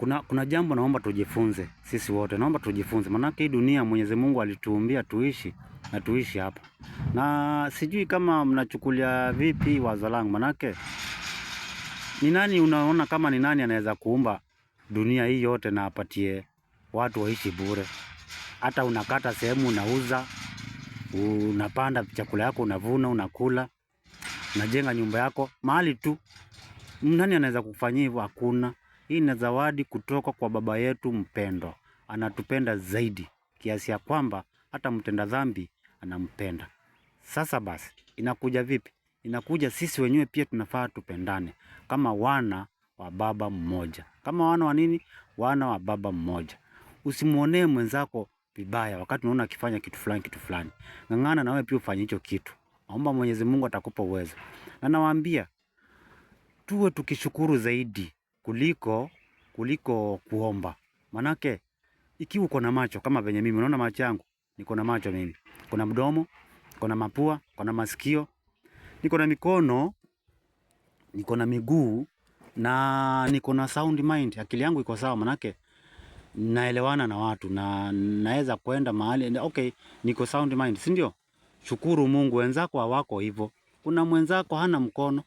Kuna, kuna jambo naomba tujifunze sisi wote, naomba tujifunze, maanake hii dunia Mwenyezi Mungu alituumbia tuishi na tuishi hapa, na sijui kama mnachukulia vipi wazo langu, maanake ni nani, unaona kama ni nani anaweza kuumba dunia hii yote na apatie watu waishi bure? Hata unakata sehemu, unauza, unapanda chakula yako, unavuna, unakula, unajenga nyumba yako mahali tu, nani anaweza kufanyia hivyo? Hakuna. Hii ni zawadi kutoka kwa Baba yetu mpendwa. Anatupenda zaidi kiasi ya kwamba hata mtenda dhambi anampenda. Sasa basi, inakuja vipi? Inakuja sisi wenyewe pia tunafaa tupendane kama wana wa baba mmoja. Kama wana wa nini? Wana wa baba mmoja. Usimwonee mwenzako vibaya wakati unaona akifanya kitu fulani kitu fulani. Ng'ang'ana na wewe pia ufanye hicho kitu. Naomba Mwenyezi Mungu atakupa uwezo. Na nawaambia tuwe tukishukuru zaidi kuliko kuliko kuomba. Manake ikiwa uko na macho kama venye mimi, unaona macho yangu, niko na macho mimi, kuna mdomo, kuna mapua, kuna masikio, niko na mikono, niko na miguu na niko na sound mind. Akili yangu iko sawa, manake naelewana na watu na naweza kwenda mahali okay, niko sound mind, si ndio? Shukuru Mungu, wenzako hawako hivyo. Kuna mwenzako hana mkono,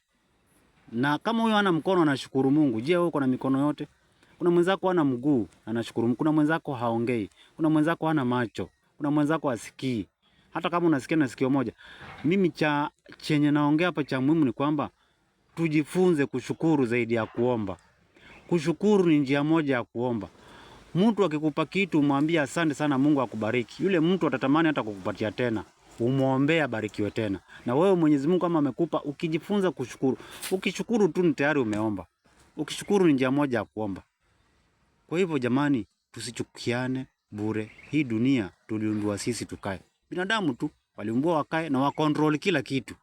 na kama huyo ana mkono anashukuru Mungu, je, wewe uko na mikono yote? Kuna mwenzako ana mguu anashukuru Mungu, kuna mwenzako haongei, kuna mwenzako ana macho, kuna mwenzako asikii. Hata kama unasikia na sikio moja, mimi cha chenye naongea hapa cha muhimu ni kwamba tujifunze kushukuru zaidi ya kuomba. Kushukuru ni njia moja ya kuomba. Mtu akikupa kitu, mwambie asante sana, Mungu akubariki. Yule mtu atatamani hata kukupatia tena umwombee abarikiwe tena. Na wewe Mwenyezi Mungu kama amekupa, ukijifunza kushukuru, ukishukuru tu ni tayari umeomba. Ukishukuru ni njia moja ya kuomba. Kwa hivyo jamani, tusichukiane bure. Hii dunia tuliundwa sisi tukae, binadamu tu waliumbwa wakae na wakontrol kila kitu.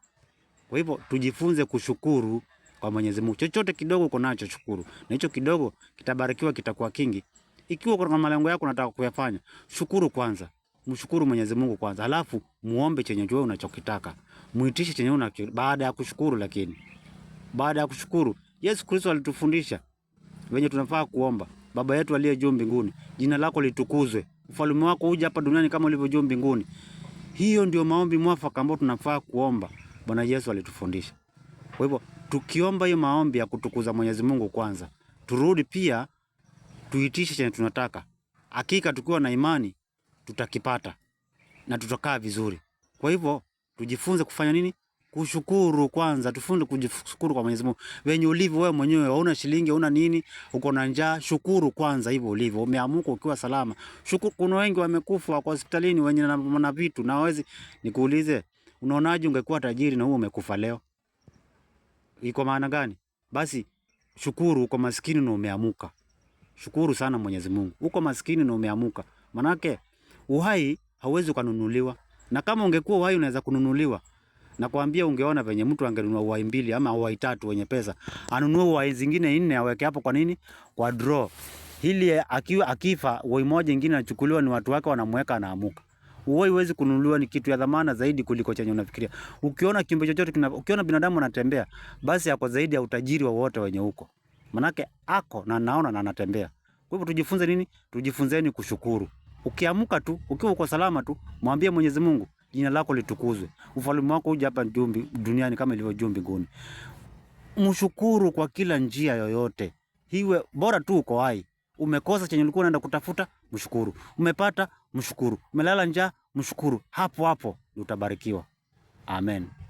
Kwa hivyo tujifunze kushukuru kwa Mwenyezi Mungu. Chochote kidogo uko nacho shukuru, na hicho kidogo kitabarikiwa, kitakuwa kingi. Ikiwa kuna malengo yako unataka kuyafanya, shukuru kwanza mshukuru Mwenyezi Mungu kwanza, halafu muombe chenye wewe unachokitaka, muitishe chenye una baada ya kushukuru. Lakini baada ya kushukuru, Yesu Kristo alitufundisha venye tunafaa kuomba: Baba yetu aliye juu mbinguni, jina lako litukuzwe, ufalme wako uje hapa duniani kama ulivyo juu mbinguni. Hiyo ndio maombi mwafaka ambayo tunafaa kuomba. Bwana Yesu alitufundisha. Kwa hivyo tukiomba hiyo maombi ya kutukuza Mwenyezi Mungu kwanza, turudi pia tuitishe chenye tunataka. Hakika tukiwa na imani tutakipata na tutakaa vizuri. Kwa hivyo tujifunze kufanya nini? Kushukuru kwanza, tufunde kujishukuru kwa Mwenyezi Mungu. Wenye ulivyo wewe mwenyewe, hauna shilingi, hauna nini, uko na njaa, shukuru kwanza hivyo ulivyo. Umeamuka ukiwa salama, shukuru. Kuna wengi wamekufa, kwa hospitalini, wenye na vitu na hawezi. Nikuulize, unaonaje ungekuwa tajiri na huo umekufa leo? Iko maana gani? Basi shukuru, uko maskini na umeamuka. Shukuru sana Mwenyezi Mungu, uko maskini na umeamuka, manake Uhai hauwezi kununuliwa, na kama ungekuwa uhai unaweza kununuliwa, nakwambia ungeona venye mtu angenunua uhai mbili ama uhai tatu wenye pesa, anunue uhai zingine nne aweke hapo. Kwa nini? Kwa draw hili akiwa akifa, uhai moja ingine anachukuliwa, ni watu wake wanamweka, anaamuka. Uhai huwezi kununuliwa, ni kitu ya dhamana zaidi kuliko chenye unafikiria. Ukiona kiumbe chochote kina, ukiona binadamu anatembea, basi ako zaidi ya utajiri wa wote wenye huko, manake ako na naona na anatembea. Kwa hivyo tujifunze nini? Tujifunzeni kushukuru. Ukiamka tu ukiwa uko salama tu, mwambie Mwenyezi Mungu, jina lako litukuzwe, ufalme wako uje hapa duniani kama ilivyo juu mbinguni. Mshukuru kwa kila njia yoyote, hiwe bora tu uko hai. Umekosa chenye ulikuwa unaenda kutafuta, mshukuru. Umepata, mshukuru. Umelala njaa, mshukuru. Hapo hapo utabarikiwa. Amen.